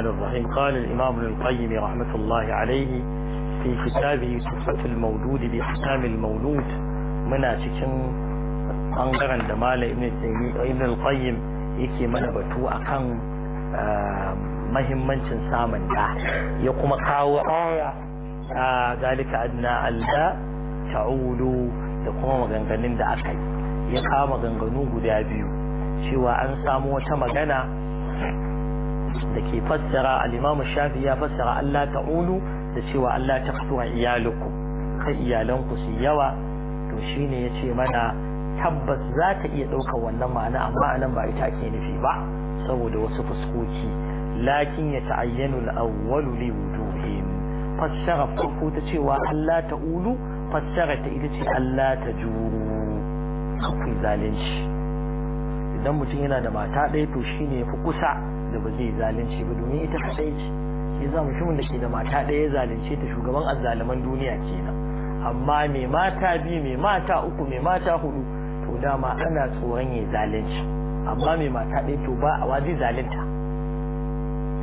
الرحمن الرحيم قال الإمام ابن القيم رحمة الله عليه في كتابه تحفة المولود بأحكام المولود مناسك bangaren da mala ibn al-qayyim yake mana batu akan mahimmancin samun da ya kuma kawo aya a zalika adna alla ta'ulu da kuma maganganun da aka ya kawo maganganu guda biyu cewa an samo wata magana da ke fassara al Shafi ya fassara Allah ulu da cewa Allah ta fito iyaluku kai iyalanku su yawa to shine yace mana tabbas za ta iya ɗaukar wannan ma'ana amma nan ba ita ke nufi ba saboda wasu fuskoki lakin ya ta'ayyanu al li wujuhin fassara farko ta cewa Allah ulu fassara ta ita ce Allah ta juru akwai zalunci idan mutum yana da mata ɗaya to shine ya fi kusa da ba zai zalunci ba domin ita kadai ce shi za mutumin da ke da mata ɗaya zalunce ta shugaban azzaliman duniya kenan amma mai mata biyu mai mata uku mai mata hudu to dama ana tsoron ya zalunci amma mai mata ɗaya to ba a wazi zalunta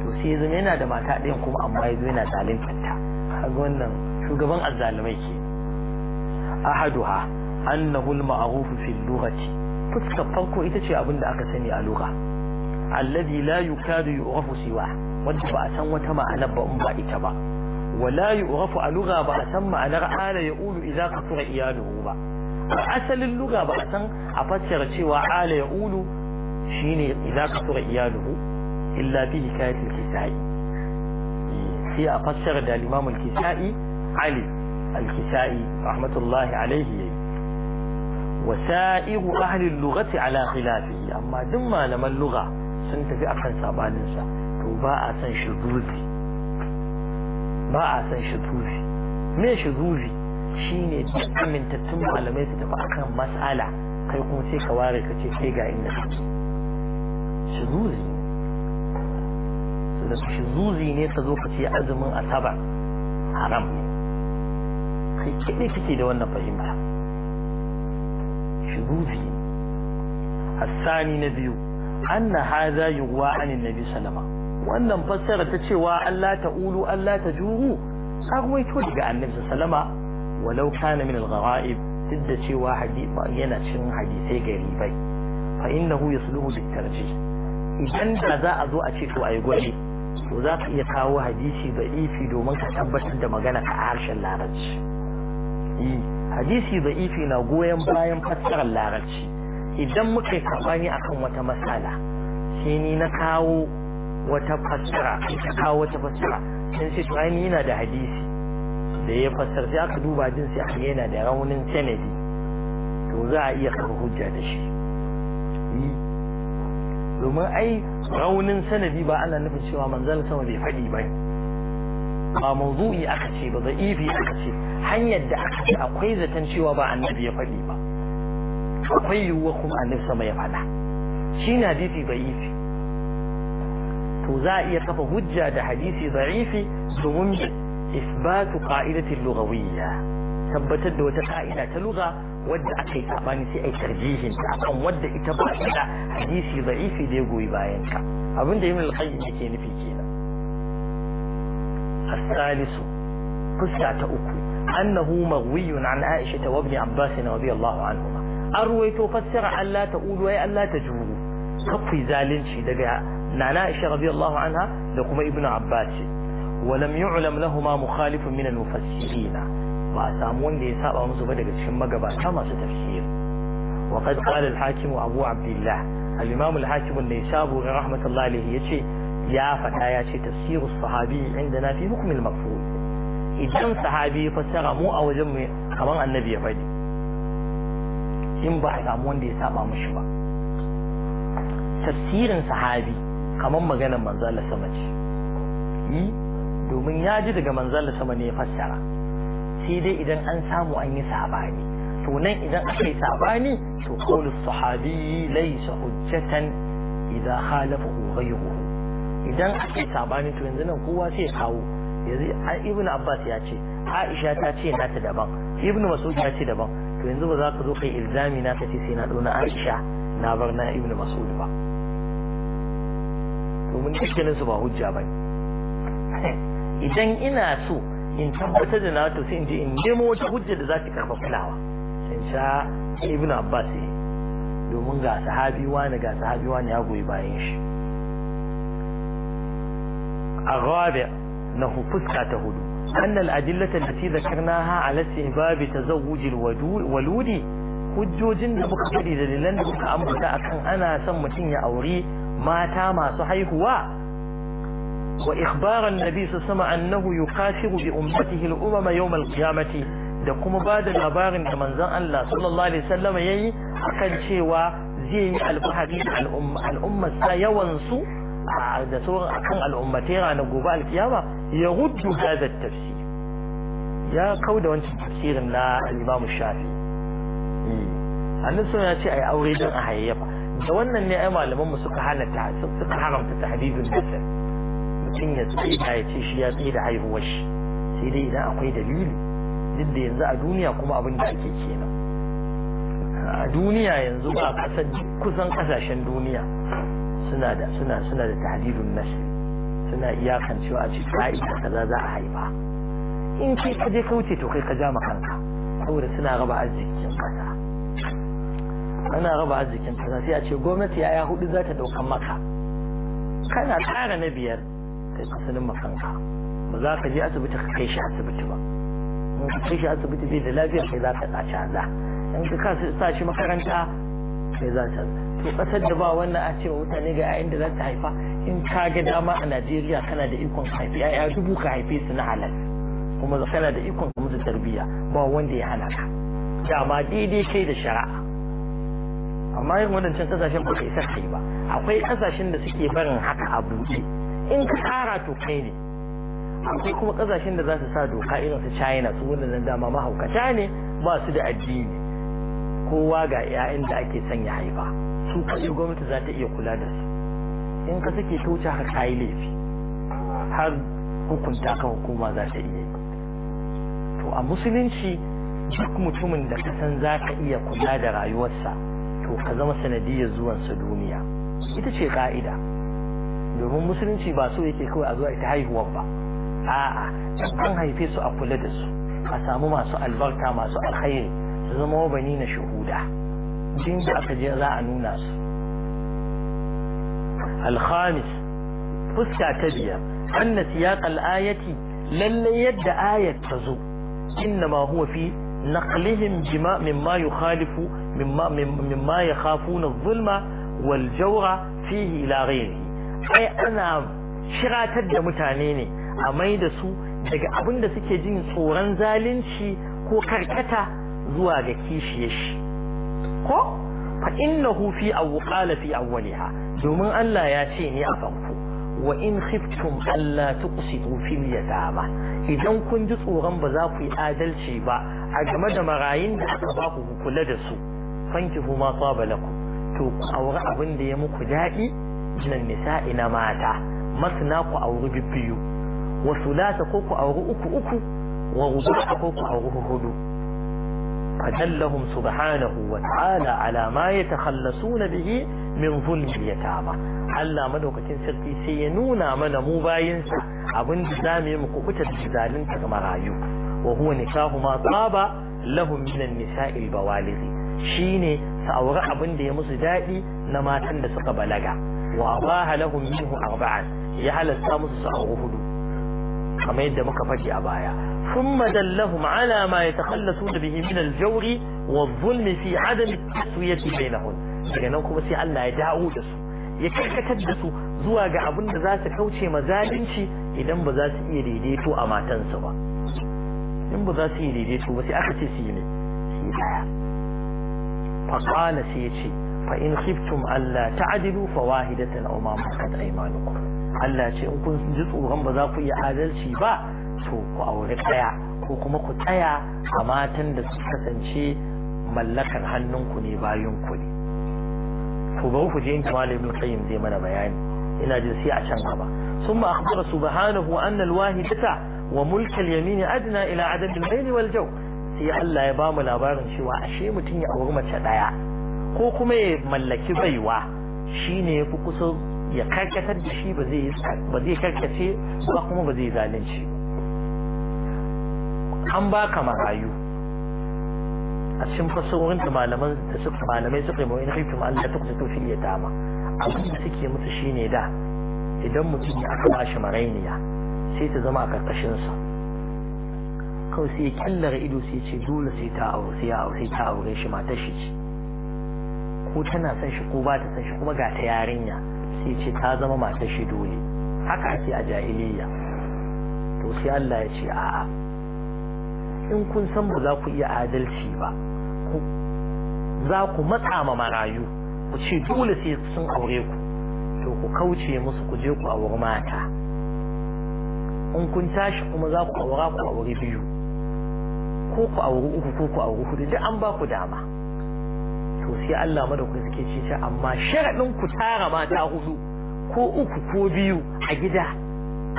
to sai zama yana da mata ɗaya kuma amma ya yana zaluntar ta kaga wannan shugaban azzalumai ke ha annahu al-ma'ruf fi al-lughati fuskar farko ita ce abin da aka sani a lugha الذي لا يكاد يعرف سواه وانت بأسان وتما أنبأ أمبائك با ولا يعرف اللغة بأسان ما أنا رعال يقول إذا كثر إياله با أسل اللغة بأسان أفتر سوى عال يقول شين إذا كثر إياله إلا به كاية الكسائي هي أفتر دا الإمام الكسائي علي الكسائي رحمة الله عليه وسائر أهل اللغة على خلافه أما دم لما اللغة sun tafi akan sabaninsa to ba a san shuzuzi ba a san shuzuzi me shuzuzi shi ne amintattun malamai su tafi akan mas'ala kai kuma sai ka ware ka ce sai ga inda kake shuzuzi da shuzuzi ne ka zo ka ce azumin asabar haram ne kai kiɗe kike da wannan fahimta shuzuzi الثاني نبيه anna hadha yuwa anin nabi sallama wannan fassara ta cewa Allah ta'ulu Allah ta juru sarwaito daga annabi sallama walau kana min al-gharaib duk cewa hadisi yana cin hadisai garibai fa innahu yasluhu bit-tarjih idan da za a zo a ce to ayi gwani to za ka iya kawo hadisi da ifi domin ka tabbatar da magana ka harshen larabci eh, hadisi da ifi na goyon bayan fassarar larabci idan muka yi a akan wata matsala shi ni na kawo wata fassara ka kawo wata fassara sun ce to ni yana da hadisi da ya fassara sai aka duba din sai aka yana da raunin sanadi to za a iya kafa hujja da shi domin ai raunin sanadi ba ana nufin cewa manzal sama bai faɗi ba ba mawdu'i aka ce ba za'ifi aka ce hanyar da aka ce akwai zaton cewa ba annabi ya faɗi ba akwai yiwuwa kuma annabi sama ya faɗa shi na hadisi da'ifi to za a iya kafa hujja da hadisi da'ifi domin isbatu qa'idatil lughawiyya tabbatar da wata ka'ida ta lugha wadda aka yi sabani sai ai tarjihin ta akan wadda ita ba da hadisi da'ifi da ya goyi bayan ka abin da ibn al-qayyim yake nufi kenan الثالث فسعة أكو أنه مغوي عن عائشة وابن عباس رضي الله عنهما an ruwaito fassara Allah ta ulu ya Allah ta juru kafi zalunci daga nana Aisha allahu anha da kuma Ibn Abbas walam yu'lam lahumu mukhalifun min al-mufassirin ba samu wanda ya saba musu ba daga cikin magabata masu tafsir wa qad qala al-hakim Abu Abdullah al-imam al-hakim an-naysaburi rahmatullahi alayhi yace ya fada yace tafsirus sahabi indana fi hukm al-maf'ul idan sahabi fassara mu a wajen mu kamar annabi ya faɗi. in ba a samu wanda ya saba mashi ba tafsirin sahabi kamar maganar manzala sama ce yi domin ya ji daga manzala sama ne ya fassara sai dai idan an samu an yi sabani to nan idan aka yi sabani to kawai sahabi laysa hujjatan idza idan aka yi sabani to yanzu nan kowa sai ya kawo yanzu abbas ya ce aisha ta ce nata daban ibnu mas'ud ya ce daban to yanzu ba za ka zo kai ilzami na kace sai na na Aisha na bar na Ibn Mas'ud ba to mun dukkanin su ba hujja ba idan ina so in tabbatar da na to sai in je in nemo wata hujja da za ta karba kulawa in sha Ibn Abbas domin ga sahabi wani ga sahabi wani ya goyi bayan shi a na fuska ta hudu أن الأدلة التي ذكرناها على استهباب تزوج waludi? hujjojin da muka faɗi dalilan da muka ambata akan ana son mutum ya auri mata masu haihuwa wa ikbaran nabi su sama annahu yukashiru bi ummatihi al-umama yawm al-qiyamati da kuma ba da labarin da manzon Allah sallallahu alaihi wasallam yayi kan cewa zai yi alfahari da al'umma al'umma sa yawan su da sauran akan al'ummatai rana gobe al ya ruddu hadha tafsir ya kauda wancan tafsirin na al-Imam Shafi annabi ya ce a yi aure din a hayyafa da wannan ne ai malaman mu suka haramta tahdidun nasab mutum ya tsaya ya ce shi ya tsaye da haihuwar shi sai dai idan akwai dalili duk da yanzu a duniya kuma abin da ake a duniya yanzu ba kusan kasashen duniya suna da suna suna suna iyakan cewa a cikin ra'ayi kaza za a haifa in ke ka je ka wuce to kai ka ja ma kanka saboda suna raba arzikin kasa ana raba arzikin kasa sai a ce gwamnati yaya hudu za ta daukan maka kana tsara na biyar kai kasanin kanka ba za ka je asibiti ka kai shi asibiti ba in ka kai shi asibiti bai da lafiya kai za ka tsaci haza in ka sa shi makaranta kai za ta to kasar da ba wannan a cewa mutane ga yayin da za ta haifa in ka ga dama a Najeriya kana da ikon haifi ya dubu ka haife su na halal kuma kana da ikon ka musu tarbiyya ba wanda ya hana ka dama daidai kai da shari'a amma yin wadancan kasashen ba kai sakai ba akwai kasashen da suke barin haka a buɗe in ka kara to kai ne akwai kuma kasashen da za su sa doka irin su China su wannan dama mahaukata ne ba su da addini kowa ga 'ya'yan da ake son ya haifa su kaɗai gwamnati za ta iya kula da su in ka sake toce har ka yi laifi har hukunta ka hukuma za ta iya to a musulunci duk mutumin da ka san za ka iya kula da rayuwarsa to ka zama sanadiyar zuwansa duniya ita ce ka'ida domin musulunci ba so yake kawai a zuwa ita haihuwar ba a'a an haife su a kula da su a samu masu albarka masu alkhairi su zama wabani na shahuda. din da aka je za a nuna su alhamis fuska ta biyar anna siyaq al-ayati lalle yadda ayat ta zo innama huwa fi naqlihim bima mimma yukhalifu mimma mimma yakhafuna adh-dhulma wal jawra fihi ila ghayrihi ai ana shiratar da mutane ne a mai da su daga abin da suke jin tsoron zalunci ko karkata zuwa ga kishiye shi ko fa innahu fi awqala fi awwaliha domin Allah ya ce ne a farko wa in khiftum alla tuqsitu fil yatama idan kun ji tsoron ba za ku yi adalci ba a game da marayun da aka ba ku kula da su fankihu ma saba lakum to ku aure abin da ya muku daɗi jinan nisa'i na mata masna ku auri bibbiyu wa sulata ko ku auri uku uku wa rubuta ko ku auri hudu فدلهم سبحانه وتعالى على ما يتخلصون به من ظلم اليتامى هل منو كتن سرتي سينونا من مو باين ابن دامي مكوكوتا تزالين تغمرايو وهو نكاه ما طاب لهم من النساء البوالغ شيني سأورع ابن دي مصدادي نما تندس قبلغا وأباه لهم منه أربعا يهل السامس سأغهدو كما يدى مكفجي أبايا ثم دلهم على ما يتخلصون به من الجور والظلم في عدم التسوية بينهم daga nan kuma sai Allah ya dawo da su ya karkatar da su zuwa ga abin da za su kauce ma zalunci idan ba za su iya daidaito a matansu ba in ba za su iya daidaito ba sai aka ce su yi ne su yi daya faqala sai ya ce fa in khiftum alla ta'dilu fa wahidatan aw ma malakat aymanukum Allah ce in kun ji tsoron ba za ku iya adalci ba to ku aure ɗaya ko kuma ku tsaya a matan da su kasance mallakar hannunku ne bayanku ne ku ba ku je in kamar ibn qayyim zai mana bayani ina jin sai a can gaba ثم أخبر سبحانه أن الواهدة وملك اليمين أدنى إلى عدد الميل والجو sai Allah ya bamu labarin cewa ashe mutum ya auri mace daya ko kuma ya mallaki baiwa shine yafi kusa ya karkatar da shi ba zai ba zai karkace ba kuma ba zai zalunci an baka marayu a cikin fasahohin da malaman da suka malamai suka yi mawani haifin Allah ta kusa tofi ya dama abin da suke musu shine da idan mutum ya aka bashi marainiya sai ta zama a karkashin sa kawai sai ya kyallara ido sai ce dole sai ta aure sai ya aure ta aure shi matar shi ce ko tana san shi ko ba ta san shi kuma ga ta yarinya sai ce ta zama matar shi dole haka ake a jahiliya to sai Allah ya ce a'a in kun san ba za ku iya adalci ba za ku matsa ma marayu ku ce dole sai sun aure ku to ku kauce musu ku je ku auri mata in kun tashi kuma za ku aura ku auri biyu ko ku auri uku ko ku auri hudu duk an ba ku dama to sai Allah madaukakin suke ce amma sharadin ku tara mata hudu ko uku ko biyu a gida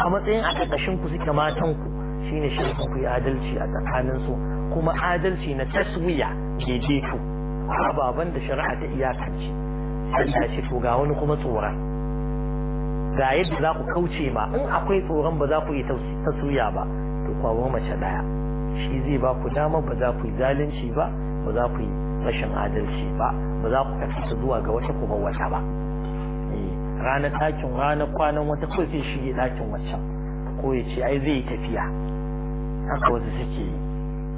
a matsayin a ƙarƙashin ku suke matan ku shine shirkin ku adalci a tsakanin su kuma adalci na taswiya daidaito ababen da shari'a ta iyakance Allah ce to ga wani kuma tsoron ga yadda za ku kauce ma in akwai tsoron ba za ku yi taswiya ba to kwawo mace daya shi zai ba ku dama ba za ku yi zalunci ba ba za ku yi rashin adalci ba ba za ku ta zuwa ga wata kuma wata ba eh, ranar ɗakin ranar kwanan wata kawai shi shi ɗakin waccan ko ya ce ai zai tafiya haka wasu suke yi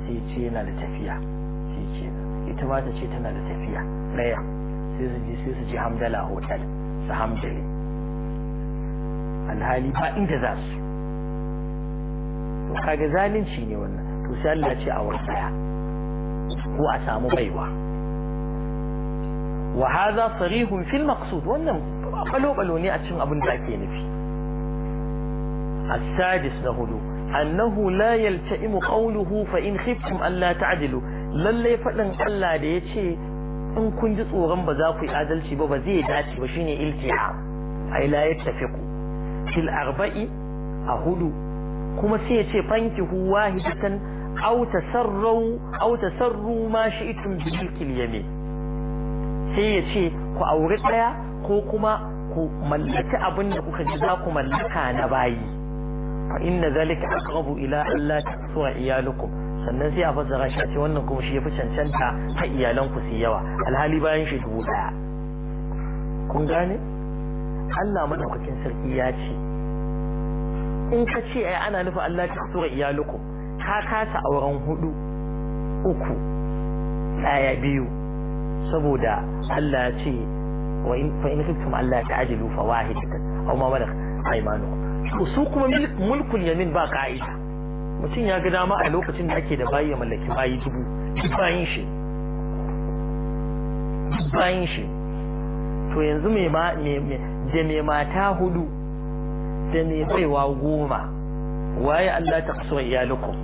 sai ce yana da tafiya sai ce ita ma ta ce tana da tafiya ɗaya sai su je sai su je hamdala hotel su hamdale alhali ba inda za su to kaga zalunci ne wannan to sai Allah ce a wasaya ko a samu baiwa wa hadha sarihun fil maqsud wannan balo balo ne a cikin abin da ake nufi السادس لغدو أنه لا يلتئم قوله فإن خفتم ألا تعدلوا للي فلن ألا ديتي إن كنت تغنب ذاكي أدل شباب زي داتي وشيني التحام أي لا يتفقوا في الأربع أهدو كما سيتي فانكه واحدة أو تسروا أو تسروا ما شئتم بذلك اليمين سيتي فأورقيا كوكما ku mallaki abin da kuka ji za fa inna zalika aqrabu ila an la taksuwa iyalukum sannan sai a fassara shi ce wannan kuma shi ya fi cancanta ta iyalan ku su yawa alhali bayan shi dubu daya kun gane Allah madaukakin sarki ya ce in ka ce ai ana nufin Allah tura iyalanku ka kasa auren hudu uku daya biyu saboda Allah ya ce wa in fa in kuntum Allah ta'jilu fawahidatan aw ma malak aymanukum to su kuma mulkul yamin ba ka'ida mutum ya ga dama a lokacin da ake da bayi ya mallaki bayi dubu duk bayin shi duk bayin shi to yanzu mai ma. da mai mata hudu da mai baiwa goma waye Allah ta kaso iyalukum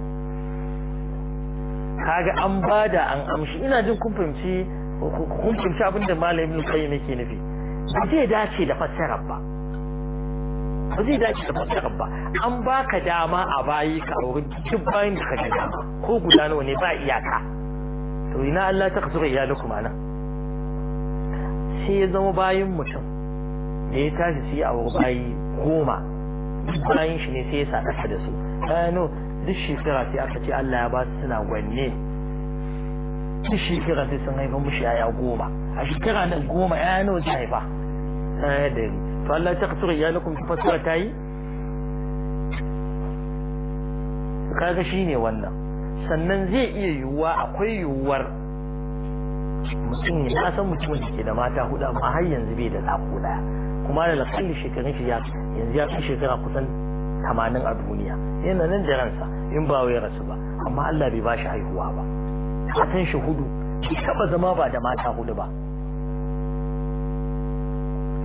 kaga an bada an amshi ina jin kun fahimci kun fahimci abinda malamin kai yake nufi ba zai dace da fassarar ba ba zai dace da fassarar ba an baka dama a bayi ka aure duk bayan da ka ga ko guda nawa ne ba iyaka to ina Allah ta kasu iyalukum mana sai ya zama bayin mutum da ya tashi sai a bayi goma bayan shi ne sai ya sadaka da su ɗano duk shekara sai aka ce Allah ya ba su suna gwanne duk shekara sai sun haifa mushi yaya goma a shekara nan goma yaya nawa zai haifa ɗaya da to Allah ta kasura iyalakum ta fasara ta yi kaga ne wannan sannan zai iya yiwuwa akwai yiwuwar mutum ya san mutumin da ke da mata hudu amma har yanzu bai da zaku daya kuma da lakalli shekarun shi ya yanzu ya kai shekara kusan tamanin a duniya yana nan da ransa in ba wai rasu ba amma Allah bai ba shi haihuwa ba san shi hudu bai taba zama ba da mata hudu ba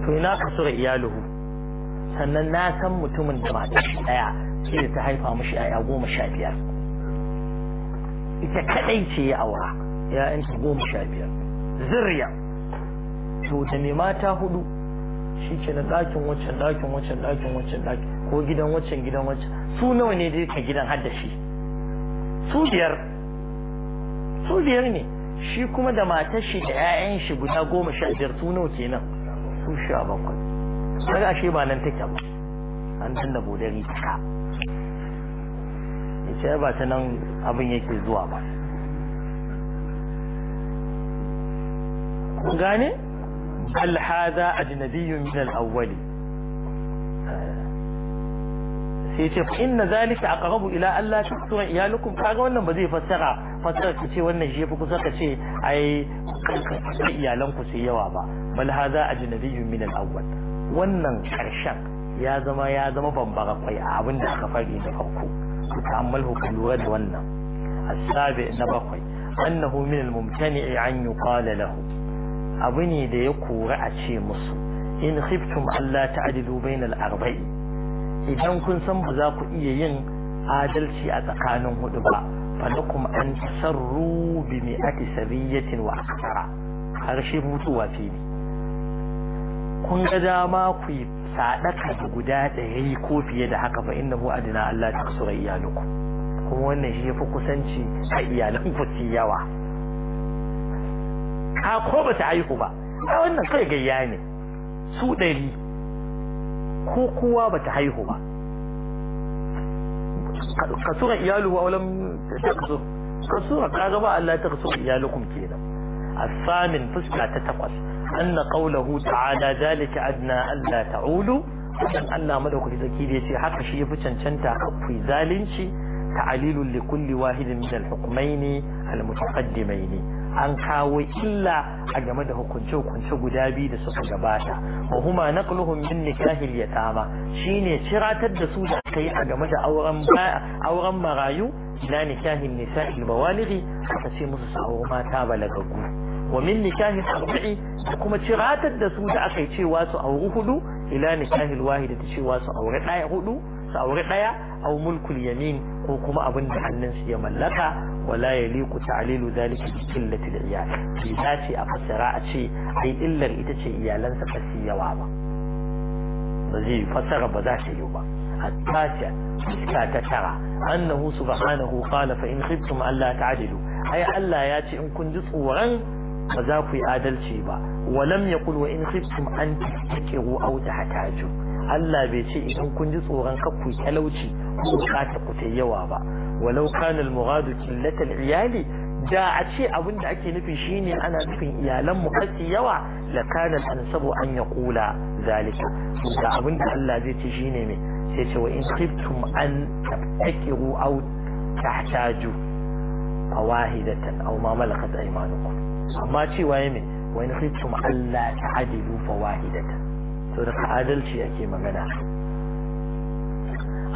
to ina ka sura iyaluhu sannan na san mutumin da mata daya sai ta haifa mishi yaya goma sha biyar ita kadai ce ya aura ya'yanta goma sha biyar Zirya to da mai mata hudu shi ke na ɗakin waccan ɗakin waccan ɗakin waccan ɗakin ko gidan waccan gidan waccan su nawa ne dai ka gidan har shi su biyar su biyar ne shi kuma da matashi da 'ya'yan shi guda goma sha biyar su nawa kenan su sha bakwai daga ashe ba nan take ba an danna bodari ka ya ce ba ta nan abin yake zuwa ba gane bal hada ajnabiyyun min al-awwali sai ce fa inna zalika aqrabu ila alla tusra iyalukum kaga wannan ba zai fassara fasar ka ce wannan shi fi kusa ka ce ai iyalan ku su yawa ba bal hadha ajnabiyyun min al-awwal wannan karshen ya zama ya zama bambara kwai a abin da aka fari da farko ta'ammal ku lura da wannan asabi na bakwai annahu min al-mumtani'i an yuqala lahu abu ne da ya kora a ce musu in khiftum alla ta'dilu bainal arba'i idan kun san ba za ku iya yin adalci a tsakanin hudu ba lakum an tasarru bi mi'ati sabiyatin wa akthara harshe mutuwa fili kun ga dama ku yi sadaka da guda ɗari ko fiye da haka fa innahu adina Allah ta kusura iyalukum kuma wannan shi yafi kusanci a iyalan ku yawa a ko ba ta haihu ba a wannan kai gayya ne su ɗari ko kowa ba ta haihu ba ka tura iyalu wa walam تقصر قصورة كاغبا ألا تقصر إيالكم كينا الثامن فسكة تتقص أن قوله تعالى ذلك أدنى ألا تعولوا أن ألا ملك الزكير يشي حق شيء فشنشنتا في ذالنشي تعليل لكل واحد من الحكمين المتقدمين an kawo illa a game da hukunce-hukunce guda biyu da suka gabata wa huma naqluhum min nikahil yatama shine ciratar da su da kai a game da auren auren marayu ila nikahin nisa'il bawalidi aka ce musu su mata balagaggu wa min nikahin arba'i da kuma ciratar da su da aka yi cewa su auri hudu ila nikahil wahida da cewa su auri daya hudu su auri daya aw mulkul yamin ko kuma abin da hannunsu ya mallaka wala yaliku ta'lilu zalika bi qillati al-iyal bi dace a fasara a ce ai illar ita ce iyalansa ba su yawa ba zai fasara ba za ta yi ba hatta ta iska ta tara annahu subhanahu qala fa in khiftum alla ta'dilu ai Allah ya ce in kun ji tsoron ba za ku yi adalci ba walam yaqul wa in khiftum an taqiru aw tahtaju Allah bai ce idan kun ji tsoron kakku talauci ku bukata ku ta yawa ba walau kana al-muradu qillatal iyali da a ce abin da ake nufi shine ana nufin iyalan mu kace yawa la kana ansabu an yaqula zalika da abin da Allah zai ce shine me sai ce wa in khiftum an taqiru aw tahtaju awahidatan aw ma malakat aymanukum amma cewa yayi me wa in khiftum alla ta'dilu fawahidatan to da adalci ake magana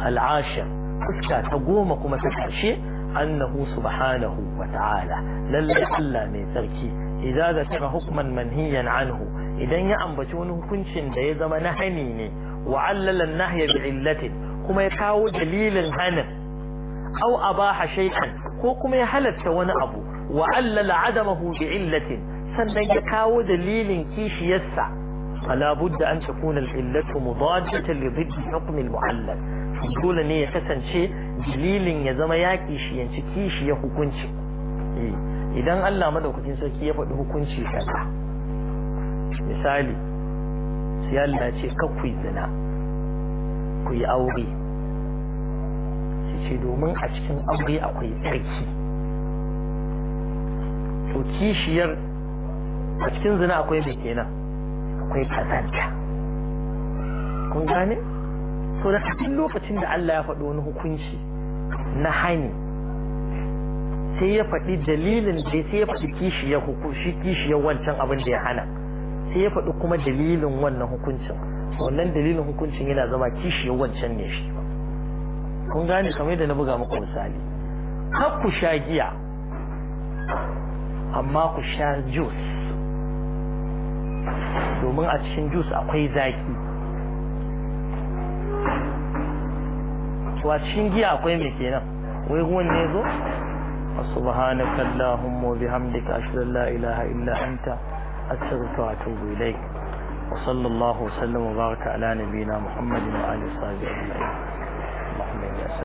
al'ashir fuska ta goma kuma ta karshe annahu subhanahu wa ta'ala lalle Allah mai tsarki idza zakara hukman manhiyan anhu idan ya ambaci wani hukuncin da ya zama na hani ne wa allala an-nahya bi'illatin kuma ya kawo dalilin hanin aw abaha shay'an ko kuma ya halatta wani abu wa allala adamahu bi'illatin sannan ya kawo dalilin kishiyarsa فلا بد أن تكون العلة مضادة لضد حكم المعلل يقول أن يحسن شيء دليل يزم ياكي شيء شكي يعني شيء يحكم شيء إيه. إذن الله مدى وقت ينسى كي يفعله كن كذا مثالي سيال الله شيء كفو الزنا كي أوغي سيشدو من أشكن أوغي أوغي تريكي وكي شير أشكن زنا أوغي بكينا akwai fasanta kun gane so da cikin lokacin da Allah ya faɗi wani hukunci na hani sai ya faɗi dalilin da sai ya faɗi kishiyar hukunci ya wancan abin da ya hana sai ya faɗi kuma dalilin wannan hukuncin wannan dalilin hukuncin yana zama kishiyar wancan ne shi kun gane kamar yadda na buga muku misali har ku sha giya amma ku sha juice domin a cikin jus akwai zaki wa cikin giya akwai mai kenan wai ruwan ne zo subhanaka allahumma wa bihamdika ashhadu an la ilaha illa anta astaghfiruka wa atubu ilayk wa sallallahu wa sallam wa baraka ala nabiyyina muhammadin wa alihi wa sahbihi ajma'in